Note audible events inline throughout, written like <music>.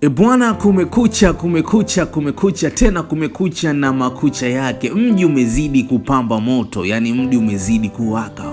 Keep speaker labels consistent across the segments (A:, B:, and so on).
A: E bwana, kumekucha, kumekucha, kumekucha tena kumekucha na makucha yake. Mji umezidi kupamba moto, yani mji umezidi kuwaka.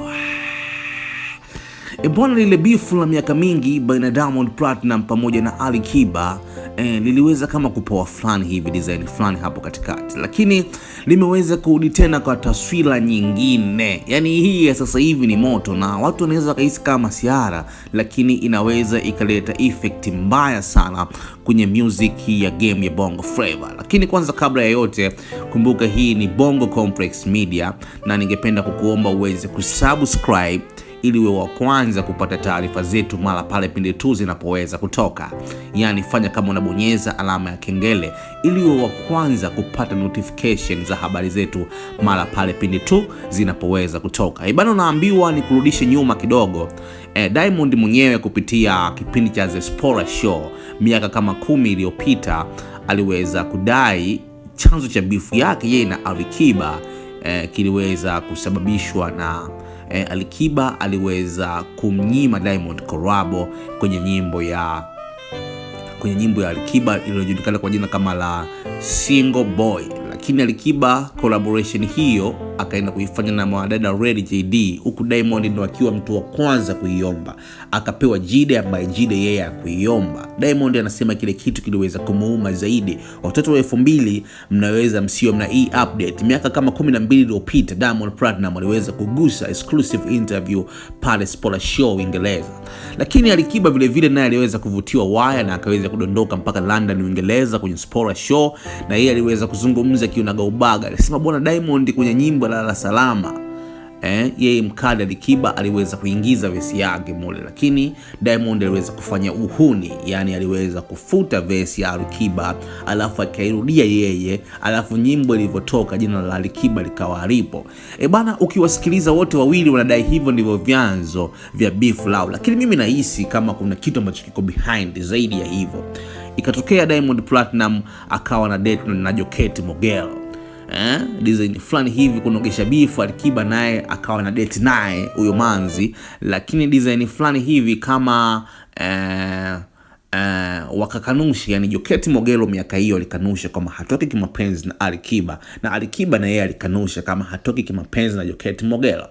A: E bwana, lile bifu la miaka mingi baina Diamond Platinum pamoja na Ali Kiba eh, liliweza kama kupoa fulani hivi design fulani hapo katikati, lakini limeweza kurudi tena kwa taswira nyingine. Yani hii ya sasa hivi ni moto na watu wanaweza wakahisi kama siara, lakini inaweza ikaleta effect mbaya sana kwenye music ya game ya Bongo Flava. Lakini kwanza kabla ya yote, kumbuka hii ni Bongo Complex Media na ningependa kukuomba uweze kusubscribe ili uwe wa kwanza kupata taarifa zetu mara pale pindi tu zinapoweza kutoka. Yaani, fanya kama unabonyeza alama ya kengele ili uwe wa kwanza kupata notification za habari zetu mara pale pindi tu zinapoweza kutoka. Ibana, eh, unaambiwa ni kurudishe nyuma kidogo. E, Diamond mwenyewe kupitia kipindi cha The Spora Show miaka kama kumi iliyopita aliweza kudai chanzo cha bifu yake yeye na Alikiba e, kiliweza kusababishwa na e, Alikiba aliweza kumnyima Diamond Korabo kwenye nyimbo ya kwenye nyimbo ya Alikiba iliyojulikana kwa jina kama la Single Boy, lakini Alikiba collaboration hiyo akaenda kuifanya na mwanadada Red JD, huku Diamond ndo akiwa mtu wa kwanza kuiomba, akapewa Jide ambaye Jide yeye akuiomba Diamond anasema kile kitu kiliweza kumuuma zaidi. Watoto wa elfu mbili mnaweza msio mna hii update, miaka kama 12 iliyopita Diamond Platinum aliweza kugusa exclusive interview pale Spola Show Uingereza, lakini Alikiba vilevile naye aliweza kuvutiwa waya na akaweza kudondoka mpaka London Uingereza kwenye Spola Show, na yeye aliweza kuzungumza kiunagaubaga, alisema bwana Diamond kwenye nyimbo alipigwa lala salama. Eh, yeye mkali Alikiba aliweza kuingiza vesi yake mule, lakini Diamond aliweza kufanya uhuni, yani aliweza kufuta vesi ya Alikiba alafu akairudia yeye, alafu nyimbo ilivyotoka jina la Alikiba likawa alipo. E bana, ukiwasikiliza wote wawili wanadai hivyo ndivyo vyanzo vya beef lao, lakini mimi nahisi kama kuna kitu ambacho kiko behind zaidi ya hivyo. Ikatokea Diamond Platinum akawa na date na Jokate Mogelo eh, design fulani hivi kunogesha bifu. Alikiba naye akawa na date naye huyo manzi, lakini design fulani hivi kama eh, Uh, eh, wakakanusha yani, Joketi Mogelo miaka hiyo alikanusha kwamba hatoki kimapenzi na Alikiba, na Alikiba na yeye alikanusha kama hatoki kimapenzi na joketi mogelo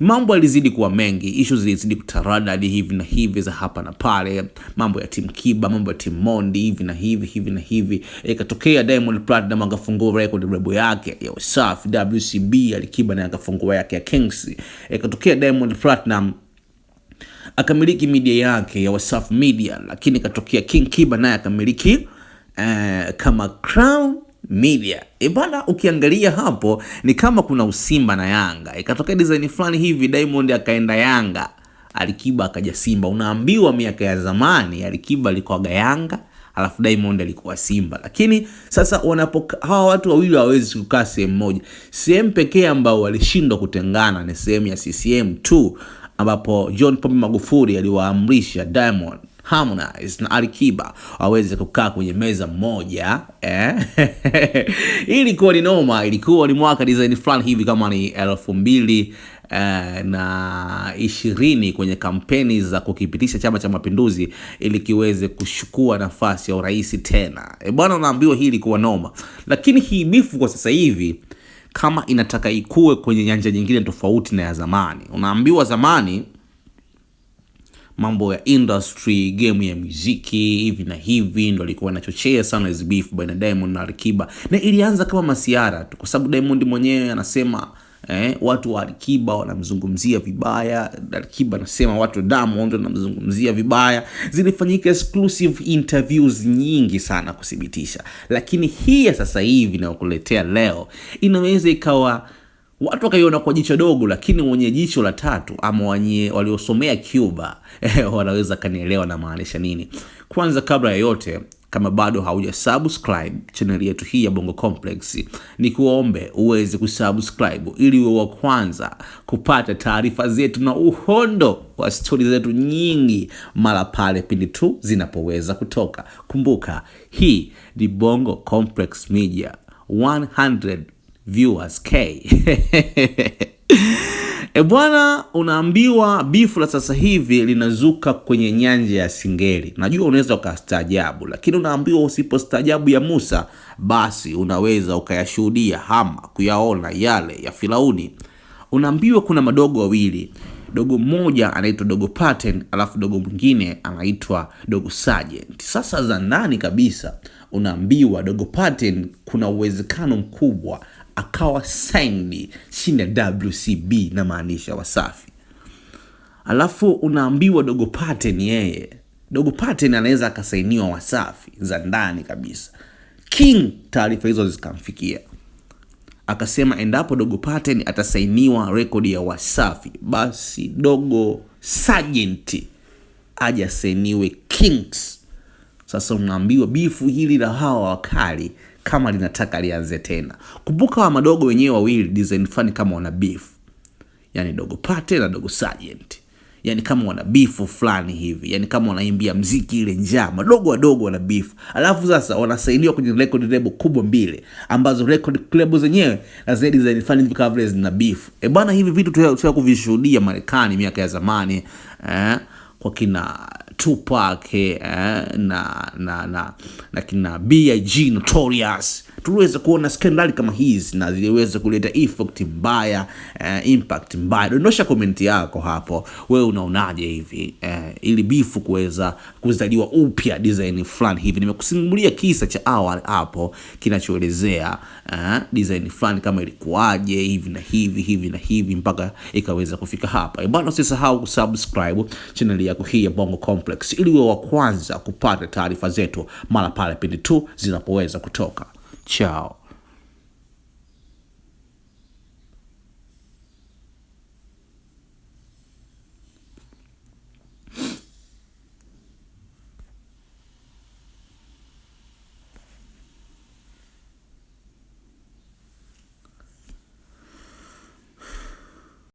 A: Mambo yalizidi kuwa mengi, ishu zilizidi kutaradadi hivi na hivi za hapa na pale, mambo ya Tim Kiba, mambo ya Tim Mondi, hivi na hivi hivi na hivi. E, ikatokea Diamond Platinum akafungua record label yake ya Wasafi WCB, Alikiba na akafungua yake ya Kings. E, ikatokea Diamond Platinum akamiliki media yake ya Wasafi Media, lakini ikatokea King Kiba naye akamiliki eh, kama Crown media. E ukiangalia hapo ni kama kuna usimba na Yanga, ikatokea design fulani hivi, Diamond akaenda Yanga, Alikiba akaja Simba. Unaambiwa miaka ya zamani Alikiba alikuwaga Yanga alafu Diamond alikuwa Simba, lakini sasa wanapo hawa watu wawili hawawezi kukaa sehemu moja. Sehemu pekee ambao walishindwa kutengana ni sehemu ya CCM tu, ambapo John Pombe Magufuli aliwaamrisha Diamond Harmonize na Alikiba waweze kukaa kwenye meza moja eh? <laughs> Ilikuwa ni noma, ilikuwa ni mwaka design fulani hivi kama ni elfu mbili eh, na ishirini kwenye kampeni za kukipitisha Chama cha Mapinduzi ili kiweze kushukua nafasi ya urais tena. E bwana, unaambiwa hii ilikuwa noma, lakini hii bifu kwa sasa hivi kama inataka ikue kwenye nyanja nyingine tofauti na ya zamani. Unaambiwa zamani mambo ya industry, game ya muziki hivi na hivi, ndo alikuwa anachochea sana hizo beef baina Diamond na Alikiba, na ilianza kama masiara tu, kwa sababu Diamond mwenyewe anasema Eh, watu wa Alikiba wanamzungumzia vibaya. Alikiba anasema watu Diamond wanamzungumzia vibaya. Zilifanyika exclusive interviews nyingi sana kuthibitisha, lakini hii ya sasa hivi inayokuletea leo inaweza ikawa watu wakaiona kwa jicho dogo, lakini wenye jicho la tatu ama wenye waliosomea Cuba <laughs> wanaweza kanielewa na maanisha nini. Kwanza kabla ya yote, kama bado hauja subscribe channel yetu hii ya Bongo Complex, ni kuombe uweze kusubscribe ili uwe wa kwanza kupata taarifa zetu na uhondo wa stori zetu nyingi mara pale pindi tu zinapoweza kutoka. Kumbuka hii ni Bongo Complex Media viewers K. <laughs> E bwana, unaambiwa bifu la sasa hivi linazuka kwenye nyanja ya singeli. Najua unaweza ukastaajabu, lakini unaambiwa usipostaajabu ya Musa, basi unaweza ukayashuhudia hama kuyaona yale ya Firauni. Unaambiwa kuna madogo wawili, dogo mmoja anaitwa dogo Paten, alafu dogo mwingine anaitwa dogo sergeant Sasa za ndani kabisa, unaambiwa dogo Paten kuna uwezekano mkubwa akawa signed chini ya WCB na ya Wasafi. Alafu unaambiwa Dogo Paten yeye, Dogo Paten anaweza akasainiwa Wasafi za ndani kabisa. King taarifa hizo zikamfikia akasema endapo Dogo Paten atasainiwa rekodi ya Wasafi, basi Dogo Sajenti aje Kings. Sasa unaambiwa bifu hili la hawa wakali kama linataka lianze tena. Kumbuka wa madogo wenyewe wawili design fani kama wana beef, yani dogo pate na dogo sergeant, yani kama wana beef fulani hivi, yani kama wanaimbia mziki ile njaa, madogo wadogo wana beef, alafu sasa wanasaidiwa kwenye record label kubwa mbili, ambazo record label zenyewe na zile design fani hivi kama vile zina beef. E bana, hivi vitu tuya kuvishuhudia Marekani miaka ya zamani eh, kwa kina Tupac eh, na, na, na, na kina B.I.G Notorious tuweze kuona skandali kama hizi na ziweze kuleta effect mbaya, uh, impact mbaya. Dondosha komenti yako hapo, wewe unaonaje hivi uh, ili bifu kuweza kuzaliwa upya design fulani hivi. Nimekusimulia kisa cha awali hapo kinachoelezea uh, design fulani kama ilikuwaje hivi na hivi hivi na hivi mpaka ikaweza kufika hapa. E bwana, usisahau kusubscribe chaneli yako hii ya Bongo Complex ili uwe wa kwanza kupata taarifa zetu mara pale pindi tu zinapoweza kutoka. Ciao。